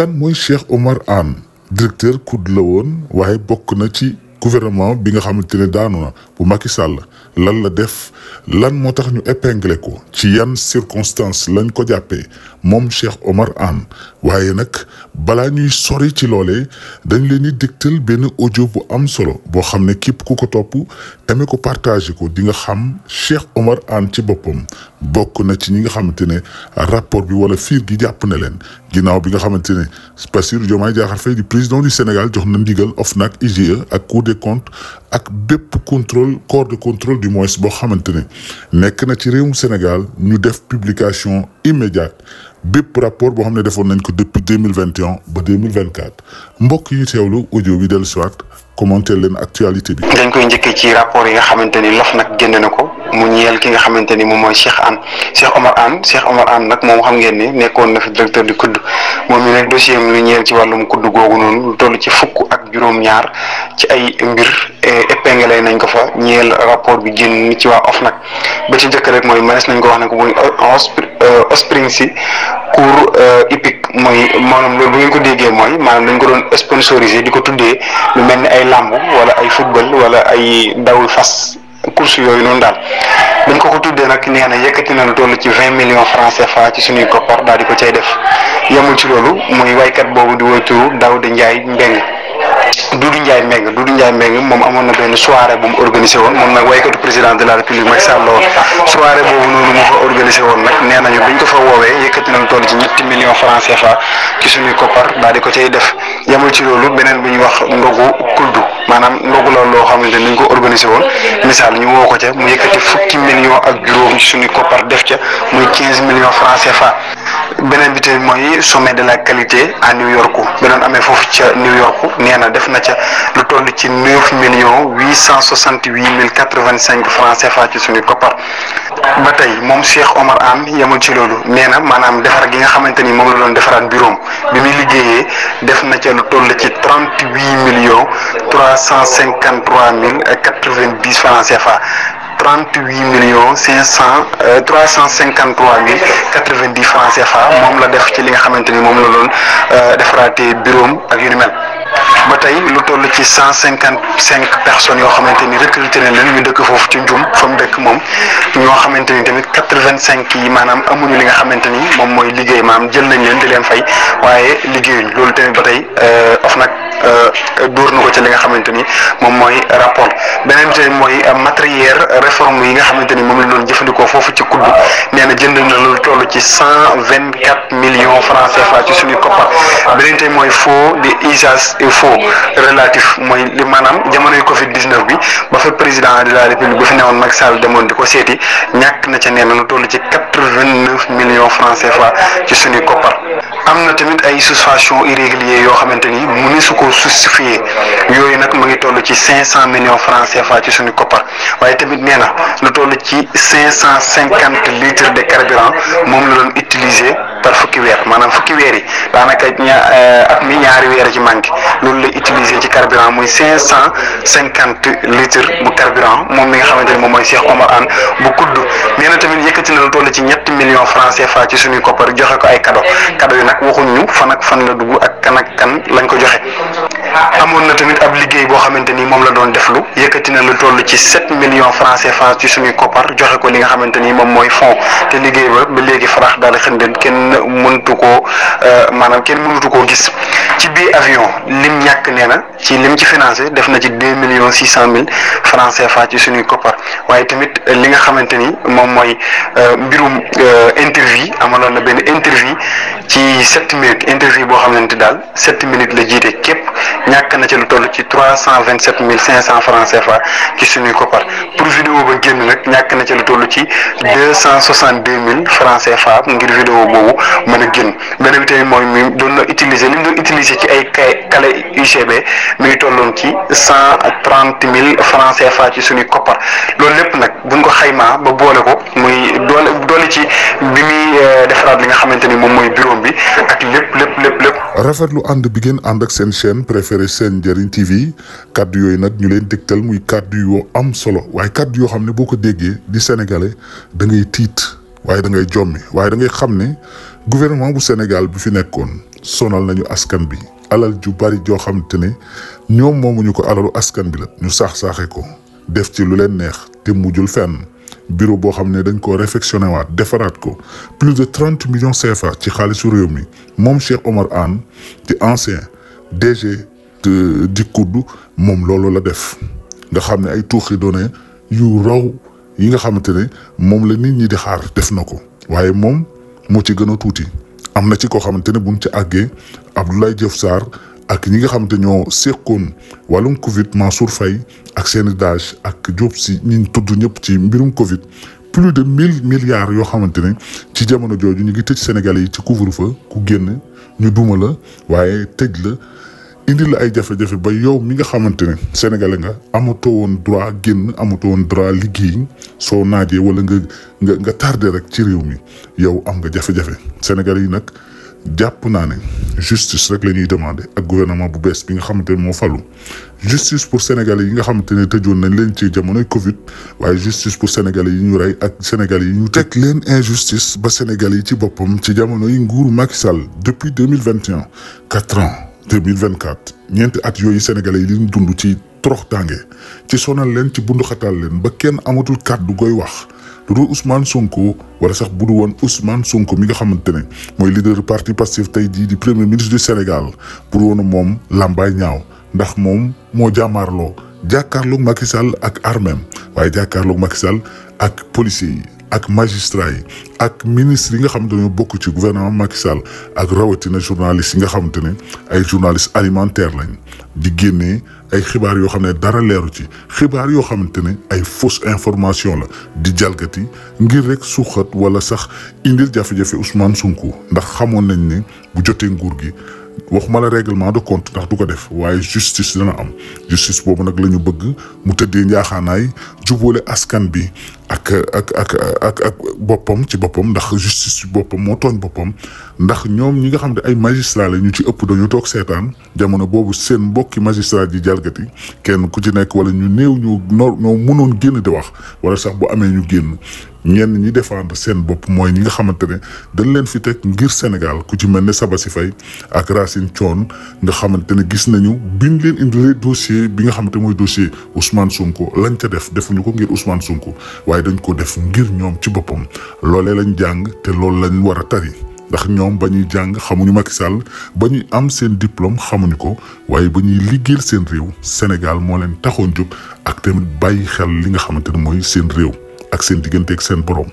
kan mooy Cheikh omar Anne directeur COUD la woon waaye bokk na ci gouvernement bi nga xamante ne daanu na bu Macky Sall lan la def lan moo tax ñu épinglé ko ci yan circonstances lañ ko jàppee moom Cheikh omar Anne waaye nag balaa ñuy sori ci loolee dañ leen di dégtal benn audio bu am solo boo xam ne képp ku ko topp aimé ko partagé ko di nga xam Cheikh Oumar Anne ci boppam bokk na ci ñi nga xamantene rapport bi wala fiir gi japp na len ginaaw bi nga xamantene Bassirou Diomaye Diakhar Faye di président du Sénégal jox na ndigal nak IGE ak Cour des comptes ak bépp contrôle corps de contrôle du moins bo xamantene nek na ci réewum Sénégal ñu def publication immédiate bépp rapport bo xamne defon nañ ko depuis 2021, ba 2024 mille mbokk yi tewlu audio bi del si commenter leen actualité bi. dañ koy njëkkee ci rapport yi nga xamante ni lof nag génne na ko mu ñeel ki nga xamante ni moom mooy Cheikh Anne Cheikh Omar Anne Cheikh Omar Anne nag moom xam ngeen ne nekkoon na fi directeur du kudd moom mi nag dossier am lu ñeel ci wàllum kudd googu noonu lu toll ci fukk ak juróom-ñaar ci ay mbir eh, épinglé nañ ko fa ñeel rapport bi génn ci waa OFNAC ba ci njëkk rek mooy mënees nañ ko wax ne ko muy Osprey si. concours hippique euh, mooy maanaam loolu bu ngeen ko déggee mooy maanaam dañ ko doon sponsorisé di ko tuddee lu mel ni ay làmb wala ay football wala ay dawul fas course yooyu noonu daal dañ ko ko tuddee nag nee na yëkkati na lu toll ci vingt million francs CFA ci suñuy koppar daal di ko cay def yemul ci loolu muy waykat boobu di daw di Ndiaye Mbengue Doudou Ndiaye Mbengue Doudou Ndiaye Mbengue moom amoon na benn soirée bu organisé woon moom nag waykatu président de la république Macky Sall soirée boobu noonu mu fa organisé woon nag nee nañu biñ ko fa woowee yëkkati nañ toll ci ñetti millions francs CFA ci suñuy koppar daal ko cay def yamul ci loolu beneen bu ñuy wax ndogu kuldu maanaam ndogu la loo xamante ni ñu ko organisé woon misaal ñu woo ko ca mu yëkkati fukki millions ak juróom ci suñuy beneen bi tamit mooy sommet de la qualité à New York bi amee foofu ca New York nee na def na ca lu toll ci neuf millions huit cent soixante huit mille quatre vingt cinq francs CFA ci suñu koppar. ba tey moom Cheikh Omar Anne yemul ci loolu nee na maanaam defar gi nga xamante ni moom la doon defaraat bureau bi muy liggéeyee def na ca lu toll ci trente huit millions trois cent cinquante trois mille quatre vingt dix francs CFA. trente huit millions cinq cent euh, trois cent cinquante trois mille quatre vingt dix francs CFA moom la def ci li nga xamante ni moom la lool euh, defaraatee bureau ak yu ba tey lu toll ci cent cinquante cinq personnes yoo xamante ni recruté na leen ñu dëkk foofu ci Ndioum fa dëkk moom ñoo xamante ni tamit quatre vingt cinq yi maanaam amuñu li nga xamante ni moom mooy liggéey maanaam jël nañ leen di leen fay waaye liggéeyuñ loolu tamit ba tey euh, of nag. Euh, dóor na ko ci li nga xamante ni moom mooy rapport beneen bi tamit mooy euh, matériel réforme yi nga xamante ni moom la doon jëfandikoo foofu ci kudd nee na jënd na lu toll ci cent vingt quatre millions francs CFA ci suñuy koppar beneen tamit mooy faux li usage et mooy li maanaam jamonoy Covid 19 bi ba fa président de la république ba fi newoon Macky demoon di ko seeti na ca nee na lu ci quatre vingt neuf millions francs CFA ci suñuy koppar am na tamit ay suspension irrégulier yoo xamante mu ne su ko ñu souscrié yooyu nag mu ngi toll ci cinq cent millions franc CFA ci suñu koppar waaye tamit nee lu toll ci cinq litres de carburant moom la doon utiliser par fukki weer maanaam fukki weer yi daanaka ña eh, at mi ñaari weer ci manqué loolu lay utiliser ci carburant muy cinq litres bu carburant moom mi nga xamante ne moom Cheikh Omar Anne bu kudd nee na tamit yëkkati na lu toll ci ñetti millions franc CFA ci suñuy koppar joxe ko ay kado kado yi waxuñ ñu fan ak fan la kan ak kan lañ ko joxe amoon na tamit ab liggéey boo xamante ni moom la doon deflu yëkkati na lu toll ci sept million franc CFA ci suñuy koppar joxe ko li nga xamante ni moom mooy fonds te liggéey ba ba léegi farax daal xëndeen kenn mëntu koo euh, maanaam kenn mënutu koo gis ci biir avion lim ñàkk nee na ci lim ci financé def na ci deux millions six cent mille franc CFA ci suñuy koppar waaye tamit euh, li nga xamante ni moom mooy euh, mbirum interview amaloon na benn interview ci sept minutes interview boo xamante daal sept minutes la jiite képp ñàkk na ci lu toll ci trois cent vingt sept mille cinq cent franc CFA ci suñuy koppar pour vidéo ba génn nag ñàkk na ci lu tollu ci deux cent soixante deux mille franc CFA ngir vidéo mën a génn beneen bi tamit mooy mi doon na utiliser li mu ci ay kay kale UGB mi ngi tolloon ci cent trente mille franc CFA ci suñuy koppar loolu lépp nag buñ ko xaymaa ba boole ko muy doole doole ci. bi muy euh, defaraat li nga xamante ni moom mooy bureau bi ak lépp lépp lépp lépp. rafetlu ànd bi ngeen ànd ak seen chaîne préférée seen njëriñ TV kàddu yooyu nag ñu leen dégtal muy kàddu yu am solo waaye kàddu yoo xam ne boo ko déggee di sénégalais dangay tiit waaye da ngay jommi waaye da xam ne gouvernement bu Sénégal bu fi nekkoon sonal nañu askan bi alal ju bari joo xamante ne ñoom moomuñu ko alalu askan bi la ñu saax saaxe ko def ci lu leen neex te mujjul fenn. bureau bo xamné dañ ko réfectionné wat défarat ko plus de 30 millions CFA ci xaalisu réew mon Cheikh Omar an ci ancien DG du kudd mom lolo la def nga xamné ay tuuxi donné yu raw yi nga xamante ne la nit ñi di xaar def nako ko mom mo ci gëna touti amna ci ko buñ ci Abdoulaye ak ñi nga xamante te ñoo seqoon wàllum Covid Mansour Faye ak seeni daaj ak Diop si ñi tudd ñëpp ci mbirum Covid plus de mille milliards yoo xamante ne ci jamono jooju ñu ngi tëj Sénégal yi ci couvre-feu ku génn ñu duma la waaye tëj la indi la ay jafe-jafe ba yow mi nga xamante ne sénégalais nga amatoo woon droit génn amatoo woon droit liggéey soo naajee wala nga nga nga tardé rek ci réew mi yow am nga jafe-jafe sénégalais yi nag. jàpp naa justice rek la ñuy demandé ak gouvernement bu bees bi nga xamante ne moo justice pour sénégalais yi nga xamante ne tëjoon nañ leen ci jamonoy Covid waaye justice pour sénégalais yi ñu rey ak sénégalais yi ñu teg leen injustice ba sénégalais yi ci boppam ci jamono yi Macky Sall depuis deux mille vingt et un quatre ans deux mille vingt quatre ñeenti at yooyu sénégalais yi li ñu dund ci. trox tangé ci sonal len ci bundu xatal len ba kenn amatul kaddu goy wax dudu Ousmane Sonko wala sax budu won Ousmane Sonko mi nga xamantene moy leader parti passif tay di di premier ministre du Sénégal pour won mom lambay ñaaw ndax mom mo jamarlo jakarlo Macky Sall ak armem waye jakarlo Macky Sall ak policier ak magistrat yi ak ministre yi nga xam dañoo bokk ci gouvernement Macky Sall ak rawatina journaliste yi nga xamante ne ay journaliste alimentaire lañ di génnee ay xibaar yoo xam ne dara leeru ci xibaar yoo xamante ne ay fausse information la di jalgati ngir rek suuxat wala sax indil jafe-jafe Ousmane Sonko ndax xamoon nañ ne bu jotee nguur gi waxuma la règlement de compte ndax du ko def waaye justice dana am justice boobu nag la ñu bëgg mu tëddee njaaxaanaay jubóole askan bi ak ak ak ak ak boppam ci boppam ndax justice ci boppam moo tooñ boppam ndax ñoom ñi nga xam ne ay magistrat la ñu ci ëpp dañu toog seetaan jamono boobu seen mbokki magistrat ji jalgati kenn ku ci wala ñu ñu nor ñoo mënoon génn di wax wala sax bu amee ñu génn ñenn ñi défendre seen bopp mooy ñi nga xamante dañ leen fi ngir Sénégal ku ci mel ne Saba si fay ak Racine Thion nga xamante ne gis nañu biñ leen indilee dossier bi nga xamante mooy dossier Ousmane Sonko lañ ca def defuñu ko ngir Ousmane Sonko way dañ ko def ngir ñom ci bopam lolé lañ jang té loolu lañ wara tari ndax ñom bañuy jang xamuñu Macky Sall bañuy am seen diplôme xamuñu ko waaye bañuy ñuy seen réew Sénégal mo leen taxoon juk ak tamit bayyi xel li nga moy réew ak seen diggante ak seen borom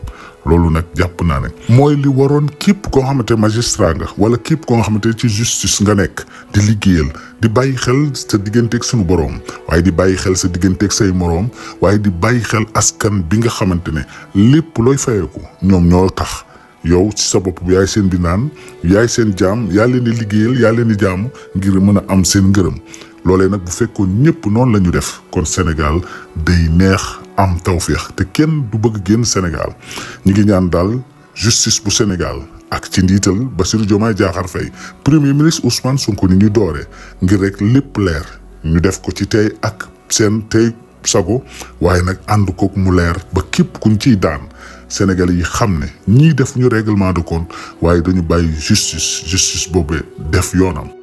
loolu nag jàpp naa ne mooy li waroon képp koo xamante magistrat nga wala képp koo xamante ci justice nga nekk di liggéeyal di bàyyi xel sa digganteeg suñu borom waaye di bàyyi xel sa digganteeg say morom waaye di bàyyi xel askan bi nga xamante ne lépp looy fayeeku ñoom ñoo tax yow ci sa bopp yaay seen di naan yaay seen jaam yaa leen di liggéeyal yaa leen di ngir mën am seen ngërëm loolee nag bu fekkoon ñëpp noonu la def kon Sénégal day neex am tawféex te kenn du bëgg génn Sénégal ñi ngi ñaan daal justice bu Sénégal ak ci ndiital Bassirou Diomaye Diakhar Faye premier ministre Ousmane Sonko ni ñu doore ngir rek lépp leer ñu def ko ci tey ak seen tey sago waaye nag ànd ko mu leer ba képp kuñ ciy daan Sénégal yi xam ne ñii def ñu règlement de compte waaye dañu bàyyi justice justice boobee def yoonam.